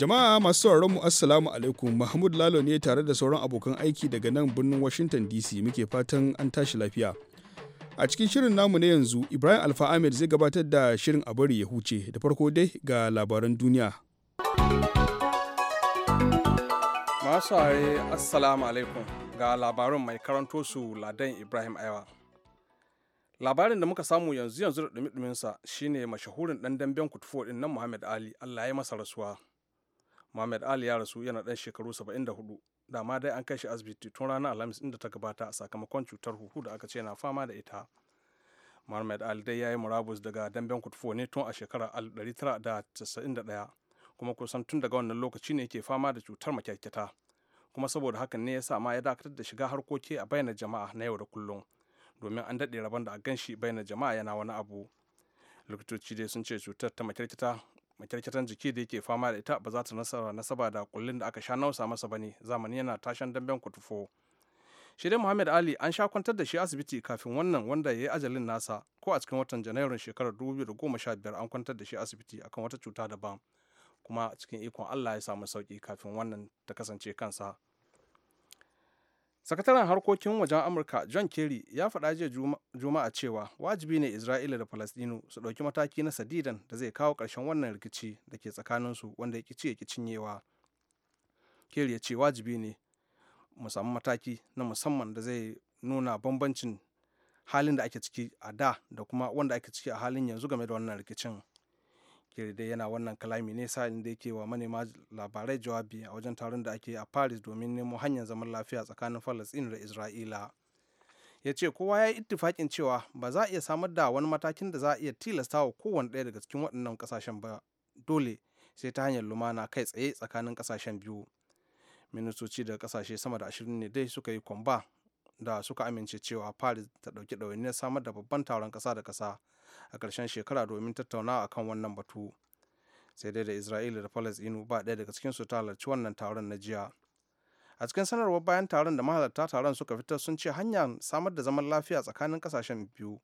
Jama'a masu sauraron mu Assalamu alaikum Mahmud Lalo ne tare da sauran abokan aiki daga nan birnin Washington DC muke fatan an tashi lafiya. A cikin shirin namu na yanzu Ibrahim Alfa Ahmed zai gabatar da shirin a bari ya huce da farko dai ga labaran duniya. Masu are Assalamu alaikum ga labarin mai karanto su Ladan Ibrahim Aiwa. Labarin da muka samu yanzu yanzu da dumi shine mashahurin ɗan damben kutufo ɗin nan Muhammad Ali Allah ya yi masa rasuwa. Muhammad Ali ya rasu yana ɗan shekaru 74 dama dai an kai shi asibiti tun ranar Alhamis inda ta gabata sakamakon cutar huhu da aka ce na fama da ita. Muhammad Ali dai ya yi murabus daga damben kutufo ne tun a shekara 1991 kuma kusan tun daga wannan lokaci ne yake fama da cutar makyakkyata kuma saboda hakan ne ya sa ma ya dakatar da shiga harkoki a bayyana jama'a na yau da kullum domin an daɗe rabon da a gan shi jama'a yana wani abu likitoci dai sun ce cutar ta makirkita. makyarkyatan jiki da yake fama da ita ba za ta nasara nasaba da kullun da aka sha nausa masa bane zamani yana tashan damben kutufo shi dai muhammad ali an sha kwantar da shi asibiti kafin wannan wanda ya yi ajalin nasa ko a cikin watan janairun shekarar da sha biyar an kwantar da shi asibiti akan wata cuta daban kuma cikin ikon allah ya samu sauki kafin wannan ta kasance kansa sakataren harkokin wajen amurka john kerry ya faɗa jiya juma'a cewa wajibi ne isra'ila da falastinu su ɗauki mataki na sadidan da zai kawo ƙarshen wannan rikici da ke tsakaninsu wanda ya ci ya ki cinyewa kerry ya ce wajibi ne mu samu mataki na musamman da zai nuna bambancin halin da ake ciki a da da kuma wanda ake ciki a halin yanzu game da wannan rikicin shakir dai yana wannan kalami ne sa da yake wa manema labarai jawabi a wajen taron da ake a paris domin nemo hanyar zaman lafiya tsakanin falastin da isra'ila ya ce kowa ya yi ittifakin cewa ba za a iya samar da wani matakin da za a iya tilasta wa kowane ɗaya daga cikin waɗannan ƙasashen ba dole sai ta hanyar lumana kai tsaye tsakanin ƙasashen biyu ministoci daga ƙasashe sama da ashirin ne dai suka yi kwamba da suka amince cewa paris ta ɗauki ɗawainiyar samar da babban taron ƙasa da ƙasa a ƙarshen shekara domin tattaunawa akan wannan batu sai dai da isra'ila da palestinu ba ɗaya daga cikin su ta halarci wannan taron na jiya a cikin sanarwar bayan taron da mahalarta taron suka fitar sun ce hanyar samar da zaman lafiya tsakanin ƙasashen biyu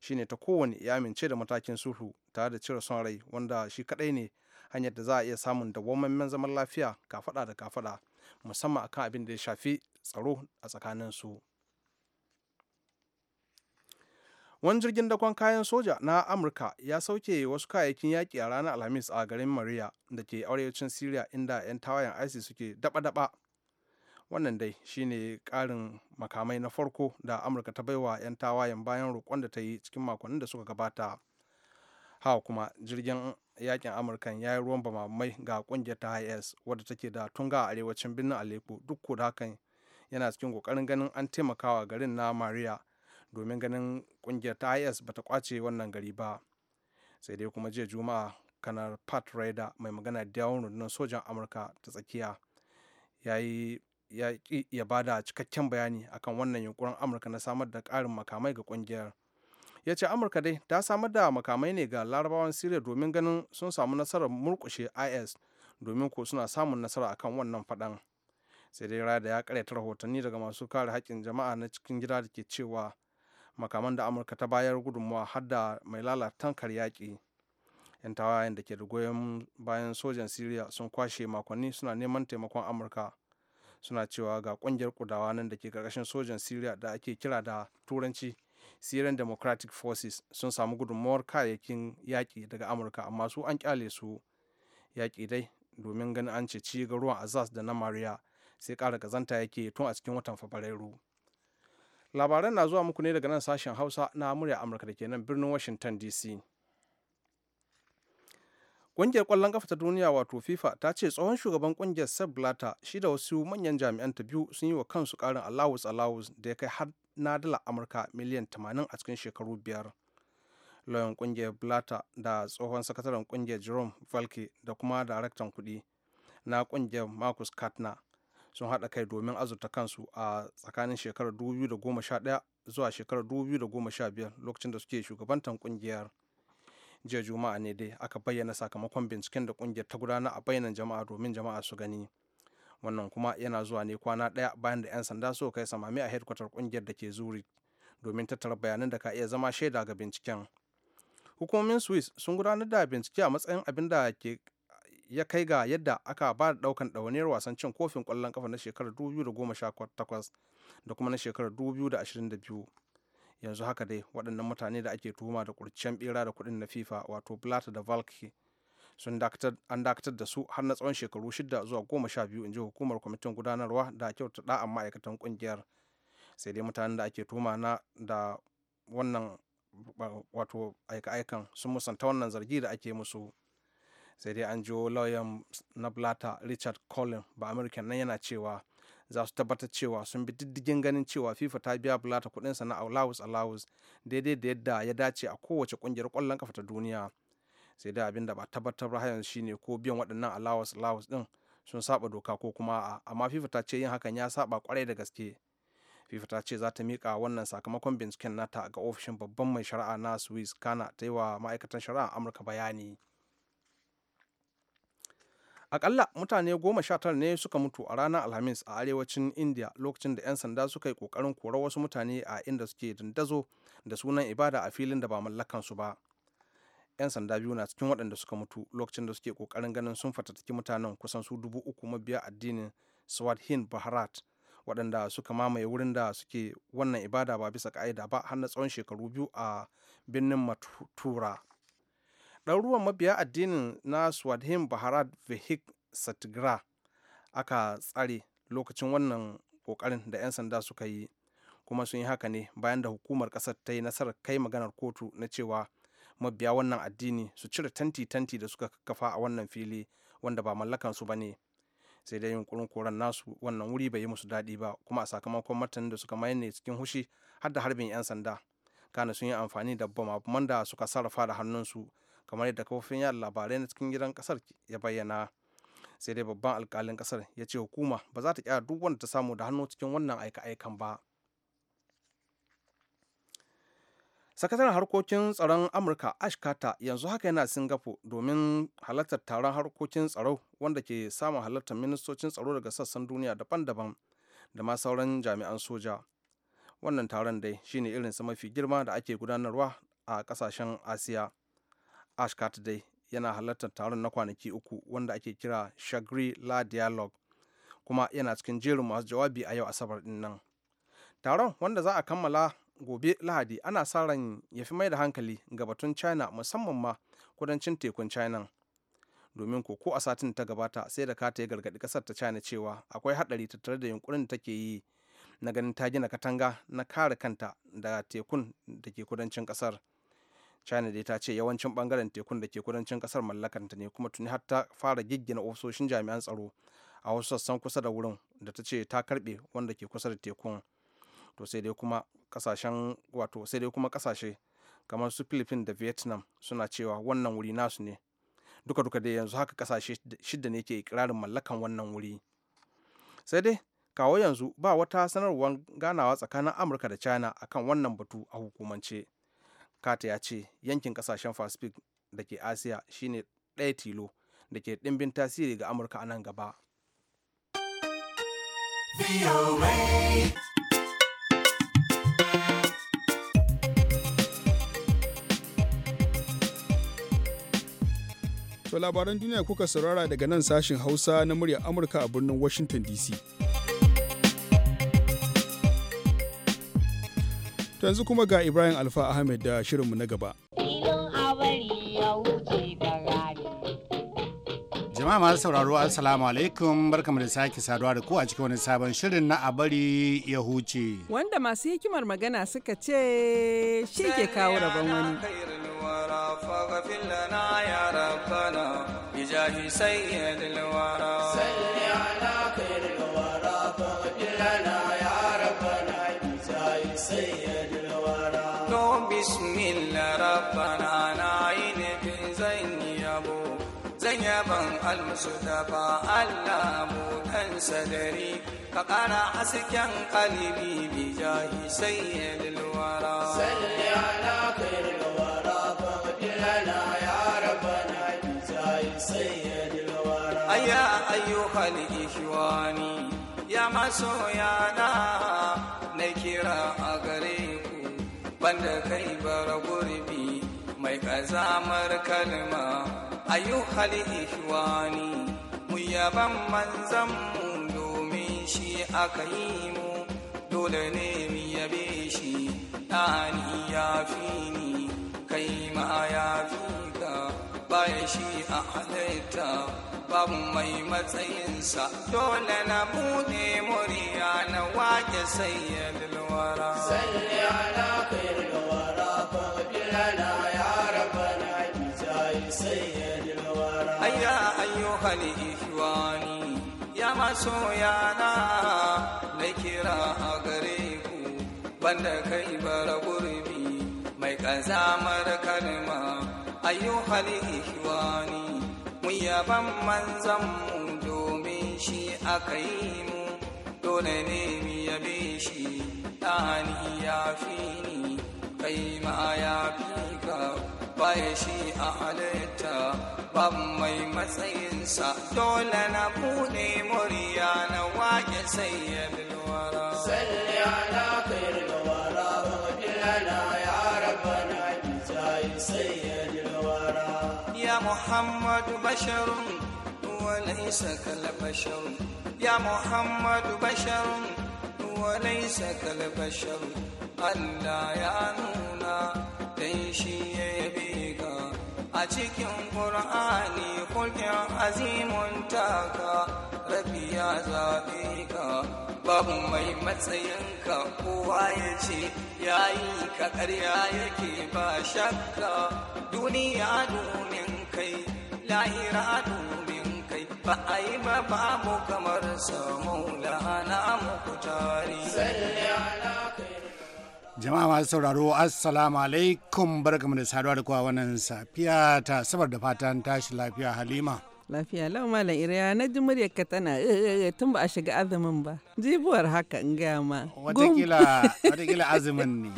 shine ta kowane ya amince da matakin sulhu tare da cire son rai wanda shi kaɗai ne hanyar da za a iya samun dawwammamen zaman lafiya kafaɗa da kafaɗa musamman akan abin da ya shafi tsaro a tsakanin su wani jirgin dakon kayan soja na amurka ya sauke wasu kayayyakin yaƙi a ranar alhamis a garin maria da ke arewacin syria inda 'yan tawayen isis suke daba-daba wannan dai shine karin makamai na farko da amurka ta baiwa 'yan tawayen bayan roƙon da ta yi cikin makonnin da suka gabata hawa kuma jirgin yakin amurkan ya yi ruwan bamamai ga kungiyar ta is wadda take da tunga a arewacin birnin aleppo duk ko da hakan yana cikin kokarin ganin an taimakawa garin na maria domin ganin kungiyar ta is ba ta kwace wannan gari ba sai dai kuma jiya juma'a kanar pat raida mai magana da yawon rundunar sojan amurka ta tsakiya ya yi ya bada cikakken bayani akan wannan yunkurin amurka na samar da karin makamai ga kungiyar ya ce amurka dai ta samar da makamai ne ga larabawan siriya domin ganin sun samu nasarar murkushe is domin ko suna samun nasara akan wannan faɗan sai dai rada ya karyata rahotanni daga masu kare haƙƙin jama'a na cikin gida da ke cewa makaman da amurka ta bayar gudunmawa har da mai lalatankar yaƙi yan tawayen da ke da goyon bayan sojan syria sun kwashe makonni suna neman taimakon amurka suna cewa ga kungiyar kudawa nan da ke karkashin sojan syria da ake kira da turanci syrian democratic forces sun samu gudunmawar kayayyakin yaƙi daga amurka amma su an kyale su yaƙi dai domin ganin an ce ci ruwan azaz da na maria sai kara kazanta yake tun a cikin watan fabrairu labaran na zuwa muku ne daga nan sashen hausa na murya amurka da ke nan birnin washington dc Ƙungiyar ƙwallon ƙafa ta duniya wato FIFA ta ce tsohon shugaban ƙungiyar Sepp Blatter shi da wasu manyan jami'an ta biyu sun yi wa kansu ƙarin allowance allowance da ya kai har na dala Amurka miliyan 80 a cikin shekaru biyar. Lauyan ƙungiyar Blatter da tsohon sakataren ƙungiyar Jerome falke da kuma daraktan kuɗi na ƙungiyar Marcus Katna sun haɗa kai domin azurta kansu a tsakanin shekarar 2011 zuwa shekarar 2015 lokacin da suke shugabantar kungiyar jiya juma'a ne dai aka bayyana sakamakon binciken da kungiyar ta gudana a bayanan jama'a domin jama'a su gani wannan kuma yana zuwa ne kwana ɗaya bayan da 'yan sanda suka kai samami a hedkwatar kungiyar da ke zuri domin tattara bayanan da ka iya zama shaida ga binciken hukumomin swiss sun gudanar da bincike a matsayin abin da ke ya kai ga yadda aka ba da daukan ɗawainiyar wasan cin kofin ƙwallon kafa na shekarar 2018 da kuma na shekarar 2022 yanzu haka dai waɗannan mutane da ake tuhuma da kurciyar bera da kuɗin na fifa wato blata da valky sun an dakatar da su har na tsawon shekaru shida zuwa goma sha in ji hukumar kwamitin gudanarwa da kyauta da'an ma'aikatan kungiyar sai dai mutanen da ake tuma na da wannan wato aika-aikan sun musanta wannan zargi da ake musu sai dai an jiwo lauyan na blata richard collin ba amurka nan yana cewa za su tabbatar cewa sun bi diddigin ganin cewa fifa ta biya blata kudinsa na allowus allowus daidai da yadda ya dace a kowace kungiyar kwallon kafa ta duniya sai dai abin da ba tabbatar ba yanzu shine ko biyan waɗannan allowus lawus din sun saba doka ko kuma a amma fifa ta ce yin hakan ya saba kwarai da gaske fifa ta ce za ta miƙa wannan sakamakon binciken nata ga ofishin babban mai shari'a na swiss kana ta yi wa ma'aikatan shari'a amurka bayani akalla mutane goma sha tara ne suka mutu a ranar alhamis a arewacin india lokacin da 'yan sanda suka yi kokarin korar wasu mutane a inda suke dandazo da sunan ibada a filin da ba mallakansu ba 'yan sanda biyu na cikin waɗanda suka mutu lokacin da suke kokarin ganin sun fatattaki mutanen kusan su dubu uku mabiya addinin swadhin baharat waɗanda suka mamaye wurin da suke wannan ibada ba bisa ka'ida ba har na tsawon shekaru biyu a birnin matura ɗaruruwan mabiya addinin na swadhim baharat vehik satigra aka tsare lokacin wannan kokarin da 'yan sanda suka yi kuma sun yi haka ne bayan da hukumar ƙasar ta yi nasarar kai maganar kotu na cewa mabiya wannan addini su cire tanti-tanti da suka kafa a wannan fili wanda ba mallakan su ne sai dai yunkurin koran nasu wannan wuri bai yi musu daɗi ba kuma a sakamakon martanin da suka mayar ne cikin hushi har da harbin 'yan sanda kana sun yi amfani da bama da suka sarrafa da hannunsu kamar yadda kafofin yada labarai na cikin gidan kasar ya bayyana sai dai babban alkalin kasar ya ce hukuma ba za ta kyara duk wanda ta samu da hannu cikin wannan aika-aikan ba sakataren harkokin tsaron amurka ash carter yanzu haka yana singapore domin halartar taron harkokin tsaro wanda ke samun halartar ministocin tsaro daga sassan duniya daban-daban da ma sauran jami'an soja wannan taron dai shine irinsa mafi girma da ake gudanarwa a kasashen asiya ashkata dai yana halartar taron na kwanaki uku wanda ake kira shagri la dialogue kuma yana cikin jerin masu jawabi a yau asabar din nan taron wanda za a kammala gobe lahadi ana sa ran ya fi mai da hankali ga batun china musamman ma kudancin tekun china domin ko ko a satin ta gabata sai da kata ya gargadi kasar ta china cewa akwai hadari tattare da yunkurin da take yi na ganin ta gina katanga na kare kanta da tekun da ke kudancin kasar. china dai ta ce yawancin bangaren tekun da ke kudancin kasar mallakanta ne kuma tuni har ta fara giggina ofisoshin jami'an tsaro a wasu sassan kusa da wurin da ta ce ta karbe wanda ke kusa da tekun to sai dai kuma kasashen wato sai dai kuma kasashe kamar su philippines da vietnam suna cewa wannan wuri nasu ne duka duka dai yanzu haka kasashe shidda ne ke ikirarin mallakan wannan wuri sai dai kawo yanzu ba wata sanarwar ganawa tsakanin amurka da china akan wannan batu a hukumance kata ya ce yankin kasashen pacific da ke asiya shine ɗaya tilo da ke ɗimbin tasiri ga amurka a nan gaba To labaran duniya kuka saurara daga nan sashin Hausa na muryar Amurka a birnin Washington DC. To yanzu kuma ga Ibrahim Alfa Ahmed da shirinmu na gaba. Jama'a masu sauraro Assalamu alaikum barkamu da sake saduwa da ku a cikin wani sabon shirin na abari ya huce. Wanda masu hikimar magana suka ce shi ke kawo rabon wani. فاغفر لنا يا su dafa Allah mu kan sadari ka ƙara hasken ƙalibi bi jahi sayyidil wara salli ala khairil wara fa madina ya rabbana bi jahi sayyidil wara ayya ayyuhal ikhwani ya masoyana na kira a gare ku banda kai bara gurbi mai kazamar kalma ayyuhal ihwani mu yaban manzan mu domin shi aka yi mu dole ne mu yabe shi dani ya fi ni kai ma ya fi ka ya shi a halitta babu mai matsayinsa dole na bude murya na wake sayyar sai ya ala alihwani ya masoyana na kira a gare ku banda kai bara gurbi mai kazamar kalma ayyuhal ihwani mun yaban manzan mu domin shi aka yi mu dole ne mu yabe shi ɗani ya fi ni kai ma ya fi bai shi a halitta ban mai matsayinsa dole na buɗe murya na waƙe sai ya bilwara salli ala khair bilwara wabilana ya rabbana bijai sai ya bilwara ya muhammadu basharun وليس كالبشر يا محمد بشر وليس كالبشر ألا يا نونا تنشي بي a cikin ƙur'ani kulkin azimin taka rabi ya zaɓe ka babu mai matsayinka kowa ya ce yayi ka ƙarya yake ba shakka duniya domin kai lahira domin kai ba a yi ba babu kamar sa maulana mu kutari salli ala Jama'a masu sauraro Assalamu alaikum barkamu da saduwa da kowa wannan safiya ta sabar da fatan tashi lafiya Halima. Lafiya lau malam Iriya na ji muryarka tana eh, eh, eh, tun ba a shiga azumin ba. Jibuwar haka in gaya ma. Watakila azumin ne.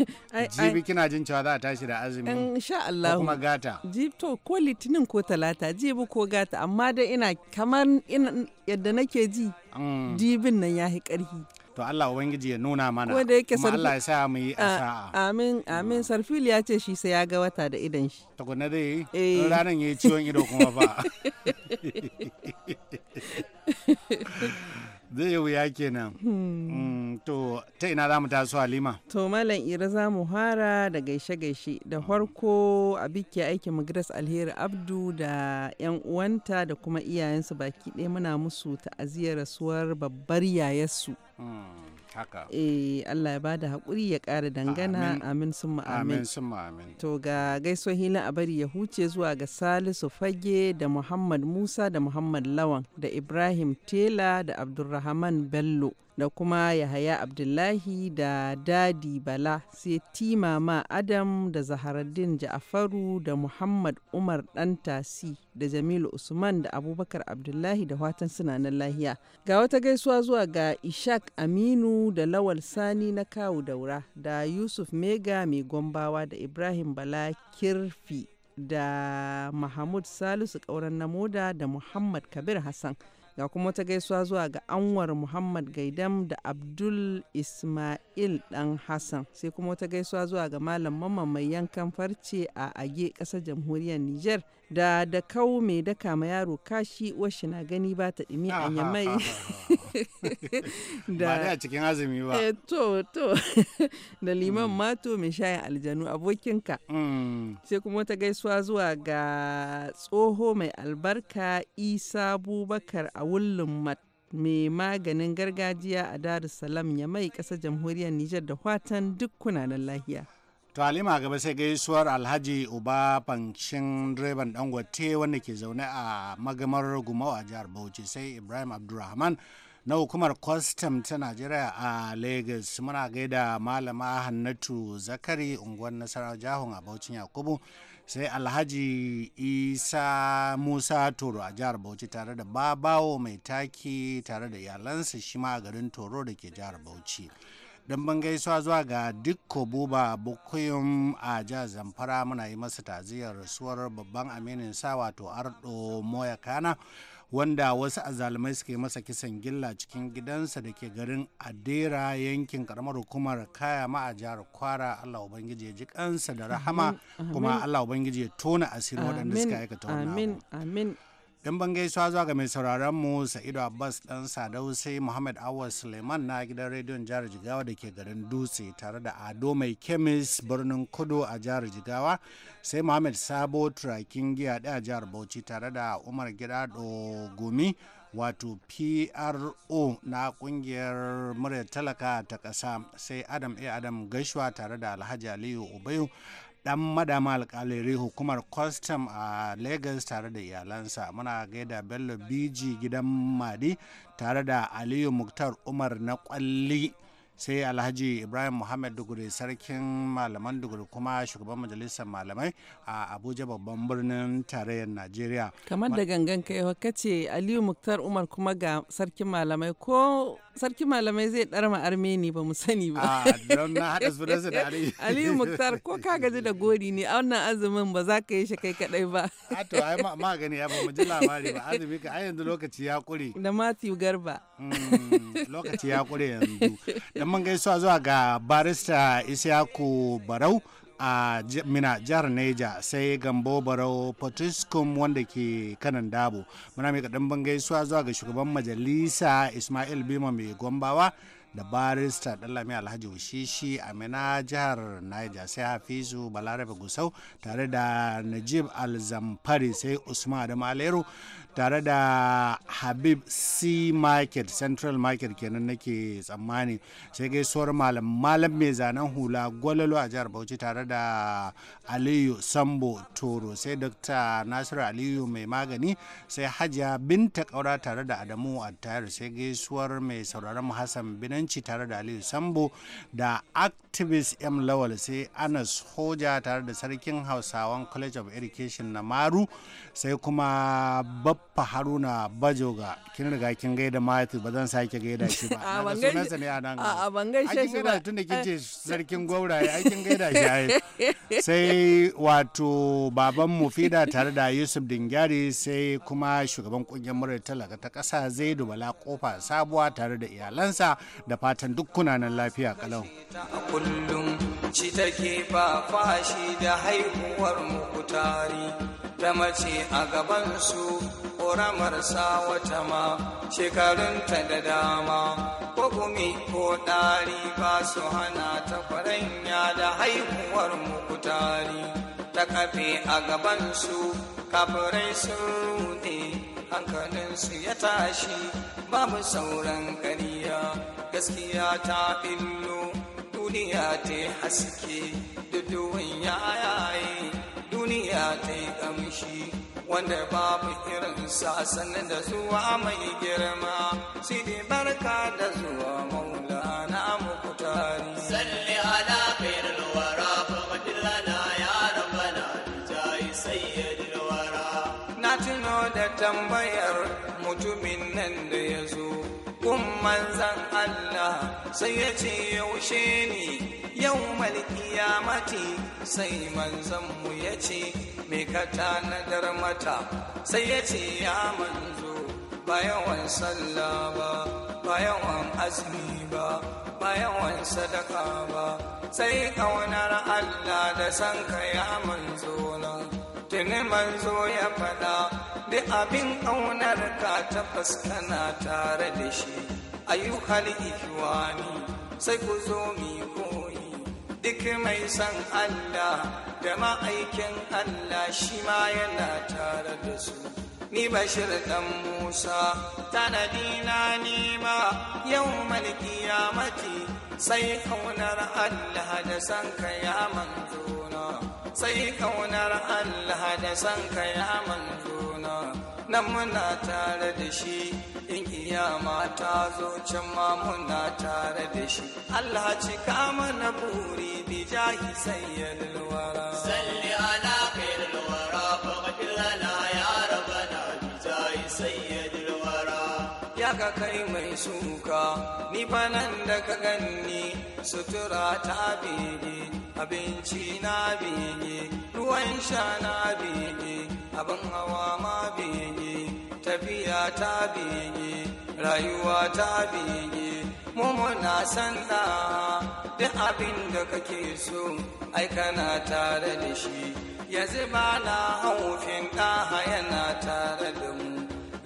Jibi kina jin cewa za a tashi da azumi. Insha Allah. kuma gata. to ko litinin ko talata jibi ko gata amma dai ina kamar yadda nake ji. Mm. Jibin nan ya fi to Allah ubangiji ya nuna mana kuma Allah ya sa mu yi asa'a amin amin sarfil ya ce shi sai ya ga wata da idan shi tukuna dai eh ranan yayi ciwon ido kuma ba zai wuya kenan hmm. mm, to ta ina za mu taso halima to malam ira za mu hara da gaishe-gaishe da farko a biki aikin magidas alheri abdu da yan uwanta da kuma iyayensu baki ɗaya muna musu ta'aziyar rasuwar babbar yayarsu hmm, eh, Allah ya ba da hakuri ya ƙara dangana amin sun amin amin to ga gaisohin a bari ya huce zuwa ga Salisu Fage da Muhammad Musa da Muhammad Lawan da Ibrahim Tela da Abdulrahman Bello da kuma Yahaya Abdullahi da Dadi Bala sai Timama Adam da Zaharaddin Ja'afaru da Muhammad Umar Ɗantasi da Jamilu Usman da Abubakar Abdullahi da watan sunanan lahiya. Ga wata gaisuwa zuwa ga Ishak Aminu da Lawal Sani na kawu daura da Yusuf Mega mai gombawa da Ibrahim Bala Kirfi da Mahmud Salisu ƙauren Namoda da Muhammad Kabir Hassan. ga kuma wata gaisuwa zuwa ga anwar muhammad gaidam da abdul ismail dan hassan sai kuma wata gaisuwa zuwa ga malam mamman mai yankan farce a age ƙasar jamhuriyar niger da da kawo mai daka ma yaro kashi washi na gani ba ta dimi a yamai da ba a cikin azumi ba eh to to da liman mm. mato mai shayin aljanu abokinka mm. sai kuma ta gaisuwa zuwa ga tsoho mai albarka isa abubakar a wullun mai maganin gargajiya a darussalam yamai mai ƙasar jamhuriyar nijar da fatan duk kunanan lahiya to halima gaba sai gaisuwar alhaji uba fanshin direban dangote wanda ke zaune a magamar gumau a jihar bauchi sai ibrahim abdulrahman na hukumar kwastam ta najeriya a lagos muna gaida malama hannatu zakari unguwar nasarar jahun a baucin yakubu sai alhaji isa musa toro a jihar bauchi tare da babawo mai taki tare da iyalansa shi ma garin toro da ke jihar bauchi don ban gaisuwa zuwa ga dukko buba bukuyum a jihar zamfara muna yi masa taziyar rasuwar babban aminin sa wato ardo moya kana wanda wasu azalumai suke masa kisan gilla cikin gidansa da ke garin adera yankin karamar hukumar kaya ma a jihar kwara allah ubangiji ya ji kansa da rahama kuma allah ubangiji ya tona asirin waɗanda suka aikata wani dan ban gaisuwa zuwa ga mai sauraron mu Sa'idu Abbas dan Sadau sai Muhammad Awal Suleiman na gidan rediyon jihar Jigawa da ke garin Dutse tare da Ado Mai Kemis birnin Kudu a jihar Jigawa sai Muhammad Sabo Turakin Giya a jihar Bauchi tare da Umar Gidado Gumi wato pro na kungiyar murya talaka ta ƙasa sai adam a adam Gashwa tare da alhaji aliyu ubayu dan madama alkalari hukumar kwastam a lagos tare da iyalansa muna gaida bello biji gidan madi tare da aliyu muktar umar na kwalli sai alhaji ibrahim muhammad duguri sarkin malaman duguri kuma shugaban majalisar malamai a abuja babban birnin tarayyar najeriya kamar da gangan kai kace aliyu muktar umar kuma ga sarkin malamai ko sarkin malamai zai darma armeni ba mu sani ba ah, don na hada aliyu muktar ko ka gaji da gori ne a wannan azumin ba za ka yi shi kai kadai ba a ah, to ai magani ya ba mu ji labari ba azumi ka ai yanzu lokaci ya kure da matthew garba hmm, lokaci ya kure yanzu mun gaisuwa zuwa ga barista Isiyaku Barau a mina jihar Neja sai Gambo Barau Potiskum wanda ke kanan dabo. Muna mai kaɗan ban gaisuwa zuwa ga shugaban majalisa Ismail Bima mai gombawa da barista Dallami Alhaji Washishi a mina jihar Niger sai Hafizu Balarabe Gusau tare da Najib Alzamfari sai Usman Adamu Alero tare da habib c market central market kenan nake tsammani sai gaisuwar malam malam mai zanen hula gwalalo a jihar bauchi tare da aliyu sambo toro sai dr nasiru aliyu mai magani sai hajiya binta kaura tare da adamu attayar sai gaisuwar mai sauraron hassan binanci tare da aliyu sambo da activist m lawal sai anas hoja tare da sarkin hausawan college of education na maru sai kuma fa haruna bajoga kin riga kin gaida matu ba zan sake gaida shi ba a ban shi ne a nan a kin gaida tun da ce eh, sarkin gwauraye a kin gaida shi ai sai wato baban mu fida tare da yusuf dingyari sai kuma shugaban kungiyar murar talaka ta kasa zai dubala kofa sabuwa tare da iyalansa da fatan duk kunanan lafiya kalau kullum ci take da haihuwar mukutari ta mace a gaban su gora marasa wata ma shekarunta da dama ko gumi ko ɗari ba su hana ta kwaranya da haihuwar mukutari ta kafe a gaban su kafirai sun rude hankalinsu ya tashi babu sauran ƙarya gaskiya ta illo duniya ta haske duduwan yayaye duniya ta ƙamshi wanda babu irin sa sasannin da zuwa mai girma sidi barka da zuwa na amfutari. salli ala khairul wara fadlana ya rabbana jai sayyidil wara na tuno da tambayar mutumin nan da yazo zo kun manzan Allah sai ya ce yaushe ne yau malkiyamati sai manzan mu ya ce me ka tanadar mata sai ya ce ya manzo ba yawan sallah ba ba yawan azumi ba ba yawan sadaka ba sai ƙaunar Allah da san ka ya manzo na tuni manzo ya faɗa da abin ƙaunar ka ta kana tare da shi ayyukan ikiwani sai ku zo mi duk mai san Allah da ma'aikin Allah shi ma yana tare da su. Ni bashir ɗan Musa, tanadina nima yau malki mati sai kaunar Allah da san ka ya sai kaunar Allah da san ka ya na. nan muna tare da shi in iya ta zo can ma muna tare da shi Allah cika mana buri bi jahi sayyidul wara salli ala suka ni banan da ka ganni sutura ta bege abinci na bege ruwan sha na bege abin hawa ma bege tafiya ta bege rayuwa ta bege mu muna san da duk abin da kake so ai kana tare da shi yanzu ba na haufin ɗaha yana tare da mu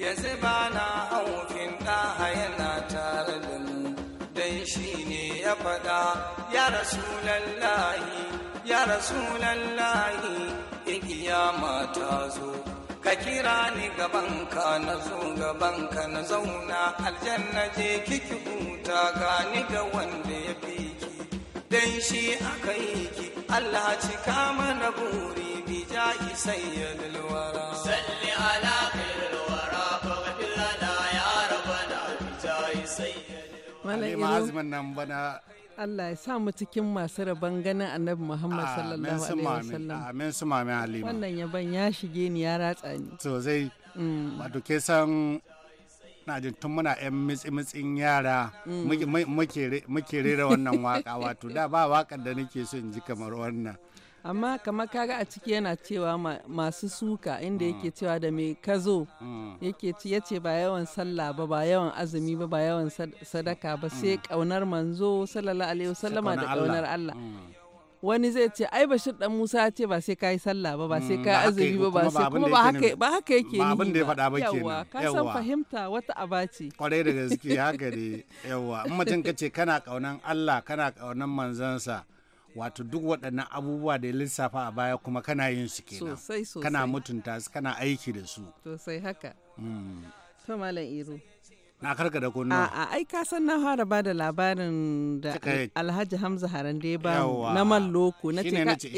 yanzu ba na haufin a yana tare da mu Dan shi ne ya faɗa ya rasulallahi ya rasulallahi ikiyama ta zo ka kira ni gabanka na zo gaban ka na zauna aljanna je kiki huta ni ga wanda ya fi ki Dan shi aka yi ki allah cika mana buri ki sayyidul wara malam iro azumin nan bana Allah ya sa mu cikin masu rabon ganin annabi Muhammad sallallahu alaihi wasallam amin su mami halima wannan yaban ya shige ni ya ratsa ni to zai mm. wato ke san na jin tun muna yan mitsi-mitsin yara mm. muke rera wannan waka wato da ba wakar da nake so in ji kamar wannan amma kamar kaga a ciki yana cewa masu suka inda mm. yake cewa da mai kazo mm. yake ci ce ba yawan sallah ba ba yawan azumi ba ba yawan sadaka ba sai kaunar mm. manzo sallallahu alaihi wasallama da kaunar Allah wani zai ce ai bashir dan Musa ya ce ba sai kai sallah ba ba sai kai azumi ba ba sai kuma ba haka ba haka yake ni abin da ya faɗa ba kenan yawa ka san fahimta wata abaci kwarai da gaske haka ne yawa in mutum kace kana kaunan Allah kana kaunan manzansa wato duk waɗannan abubuwa da ya lissafa a baya kuma kana yin su kenan sosai sosai kana mutunta su kana aiki da su sosai haka hmm. to malam iro na karka da kunna a ai ka san na fara ba da labarin da alhaji hamza haran da ya ba na man loko na ce shine na ce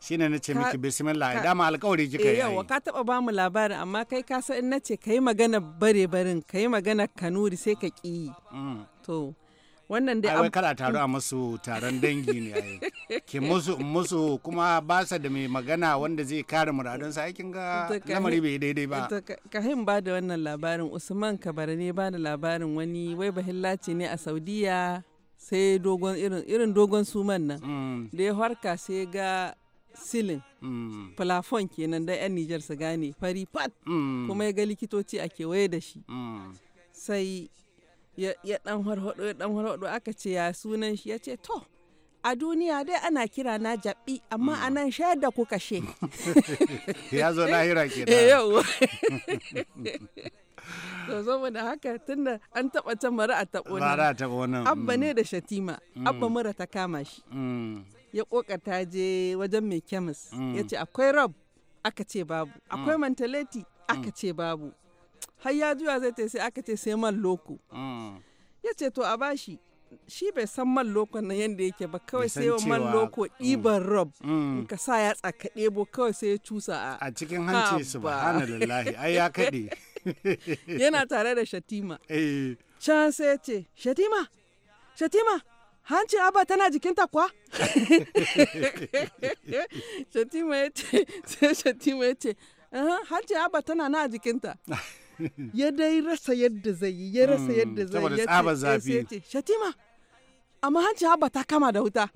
shine eh. na ce miki bismillah dama alƙawari kika yi eh, yawa ka taba ba mu labarin amma kai ka san in ce kai magana bare barin kai magana kanuri sai ka ki hmm. to wannan dai ai kada taro a musu taron dangi ne ai ke musu musu kuma ba sa da mai magana wanda zai kare muradun sa aikin ga lamari bai daidai ba hin ba da wannan labarin Usman Kabara ne ba da labarin wani wai bahillaci ne a Saudiya sai dogon irin irin dogon suman nan mm. da ya harka sai ga silin mm. plafon kenan da yan Nijar su gane fari pat mm. kuma ya ga likitoci a kewaye da shi sai ya dan harhaɗo ya dan harhaɗo aka ce ya sunan shi ya ce to a duniya dai ana kira na jabi amma a nan sha da kuka she ya zo na lahira kenan eh, yau to saboda haka tunda an taba ta mara a tabo nan abba ne mm. da shatima mm. abba mura ta kama shi mm. ya kokata je wajen mai kemis ya ce akwai rab aka ce babu akwai mantaleti aka ce babu har ya juya zai ta sai aka ce sai man loko mm. ya ce to a bashi shi bai san man loko nan yadda yake ba kawai sai wa man loko mm. ibar rob mm. ka sa ya tsaka ɗebo kawai sai ya cusa a a cikin hanci subhanallahi ai ya kaɗe yana tare da shatima eh. can sai ya ce shatima shatima hanci aba tana jikinta kwa shatima ya ce sai shatima ya ce hanci aba tana na jikinta ya dai rasa yadda zai yi ya rasa hmm, yadda zai yi ya ce shatima amma hanci haba ta kama da wuta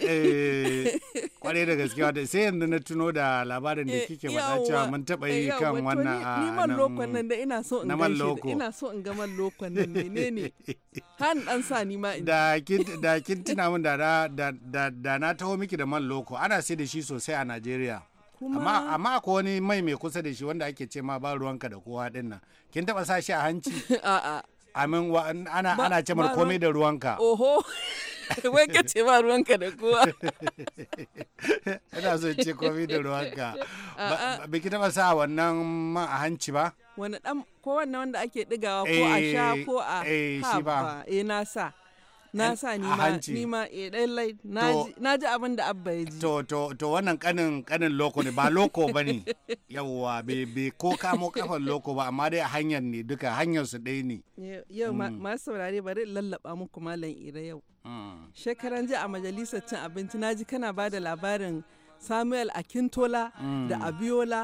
Eh, kwarai da gaske wata sai yanzu na tuno da labarin da eh, kike faɗa cewa mun taɓa yi eh, kan wannan a nan da ina so in gaishe ina so in ga man lokon nan menene han dan sa ni ma da kin da kin tuna min da da na taho miki da man loko ana sai da shi sosai a Najeriya amma amma ko wani mai mai kusa da shi wanda ake ce ma ba ruwanka da kowa din nan kin taba sa shi a hanci a'a amin wa ana ana ce komai da ruwanka oho wai ka ce ba ruwanka da kowa ina so ce komai da ruwanka ba ki taba sa wannan man a hanci ba wani dan ko wannan wanda ake digawa ko a eh, sha ko a eh, shi ba eh na sa na sa ni ma ni ma eh, lai na ji abin da abba ya ji to to to wannan kanin kanin loko ne ba loko bane yawa be be ko kamo kafan loko ba amma dai hanyar ne duka hanyar su dai ne yau mm. masu saurare bari lallaba muku malam ire yau mm. shekaran ji a majalisar cin abinci na ji kana ba da labarin samuel akintola da mm. abiola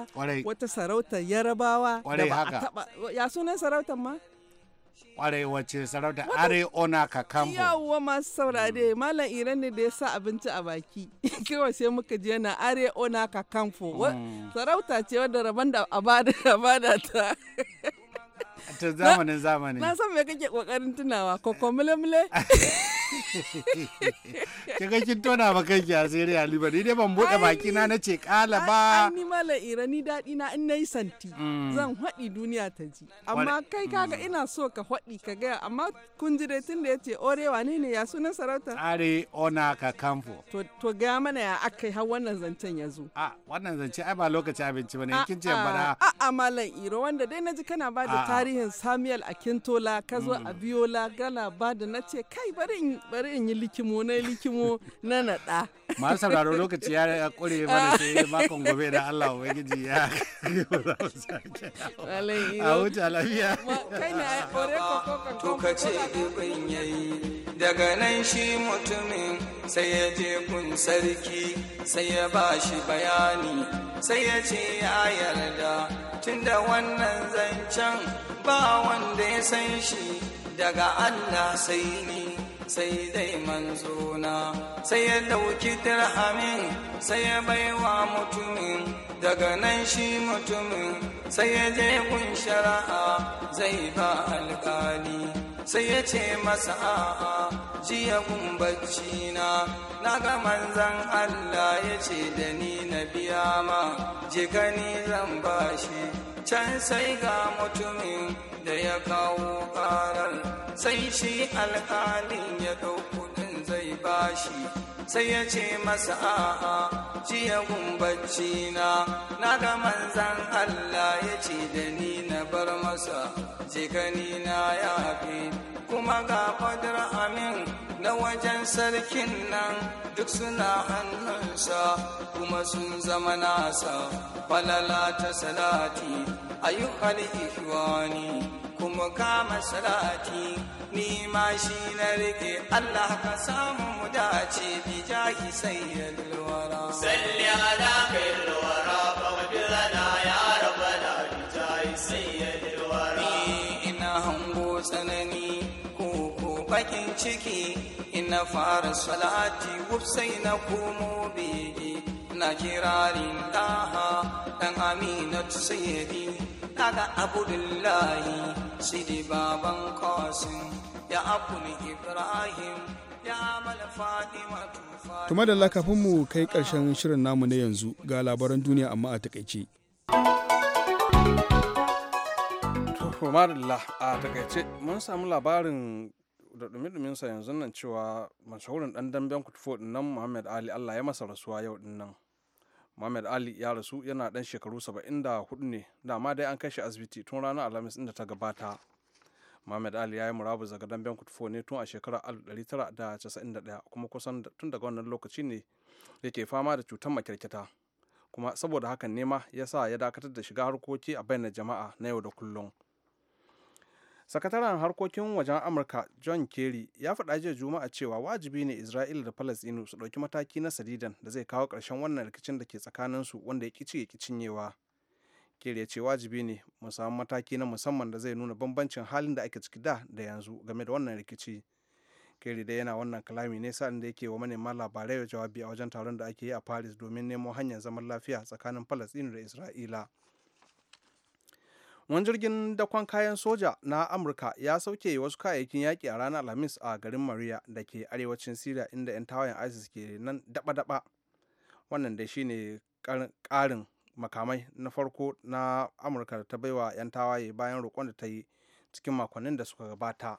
wata sarautar yarabawa da ba a taba ya sunan sarautar ma kwarai wacce sarauta are ona kakambo yawwa masu saurare mm. malam iran ne da ya sa abinci a baki kawai sai muka je na are ona kakamfo mm. sarauta ce wadda rabon da abada ta ta zamanin zamani na san me kake kokarin tunawa kokomule mule mule ke ga kin tona ba kai ya sai dai ba ni dai ban bude baki na nace kala ba. Ai ni mala ira ni dadi na in nayi santi mm. zan hadi duniya ta ji. Amma kai kaga mm. ina so ka hadi ka ga amma kun ji dai tun da yace ore wane ne ya sunan sarauta? Are ona ka kamfo. To to ga mana ya akai har wannan zancen ya zo. A wannan zance ai ba lokaci abinci bane kin ce bana A a malam ira wanda dai naji kana ba da tarihin Samuel Akintola ka zo a mm. Biola gana ba da nace kai bari bari in yi likimo na likimo na naɗa. masu sauraro lokaci ya kure mana sai makon gobe da Allah ubangiji ya a huta lafiya to ka ce ibin yayi daga nan shi mutumin sai ya je kun sarki sai ya ba shi bayani sai ya ce ya yarda tun da wannan zancen ba wanda ya san shi daga Allah sai ni sai zai na sai ya dauki tirhamin sai ya baiwa mutumin daga nan shi mutumin sai ya je kun shara'a zai ba alƙali sai ya ce masa a'a jiya bacci na na ga manzan Allah ya ce da ni na biya ma je gani zan shi. can sai ga mutumin da ya kawo karar sai shi alƙalin ya ɗau kuɗin zai bashi sai ya ce masa a'a jiya gumbacci na na ga manzan Allah ya ce da ni na bar masa jikani na ya fi kuma ga fadar amin na wajen sarkin nan duk suna hannunsa kuma sun zama nasa falala ta salati ayyukan ihwani kuma kama salati ni ma shi na rike Allah ka samu mu dace bi jahi sayyid alwara salli ala khair alwara fa lana ya rabbana bi jahi sayyid alwara ni ina hango tsanani ko ko bakin ciki ina fara salati wuf na komo bege na kirarin daha dan aminatu sayyidi daga abdullahi sidi baban kosin ya abul ibrahim ya mala fatima tuma da kafin mu kai karshen shirin namu na yanzu ga labaran duniya amma a takaice a takaice mun samu labarin da dumi-duminsa yanzu nan cewa mashahurin dan damben kutufo nan Muhammad Ali Allah ya masa rasuwa yau ɗinnan. nan Muhammad Ali ya rasu yana ɗan shekaru 74 ne, dama dai an kai shi asibiti tun ranar Alhamis inda ta gabata. Muhammad Ali ya yi murabus daga damben kutufo ne tun a shekarar 1991 kuma kusan tun daga wannan lokaci ne yake fama da cutar makirkita. Kuma saboda hakan nema ya sa ya dakatar da shiga harkoki a bainar jama'a na yau da kullum. sakataren harkokin wajen amurka john kerry ya faɗa jiya juma'a cewa wajibi ne isra'ila da palestine su ɗauki mataki na sadidan da zai kawo ƙarshen wannan rikicin da ke tsakaninsu wanda ya ƙici ya cinyewa kerry ya ce wajibi ne mu samu mataki na musamman da zai nuna bambancin halin da ake ciki da da yanzu game da wannan rikici kerry dai yana wannan kalami ne sa'an da yake wa manema labarai jawabi a wajen taron da ake yi a paris domin nemo hanyar zaman lafiya tsakanin palestine da isra'ila wani jirgin dakon kayan soja na amurka ya sauke wasu kayayyakin yaƙi a ranar alhamis a garin maria da ke arewacin syria inda 'yan tawayen isis ke nan daba-daba wannan da shi ne ƙarin makamai na farko na amurka da ta baiwa 'yan tawaye bayan roƙon da ta yi cikin makonnin da suka gabata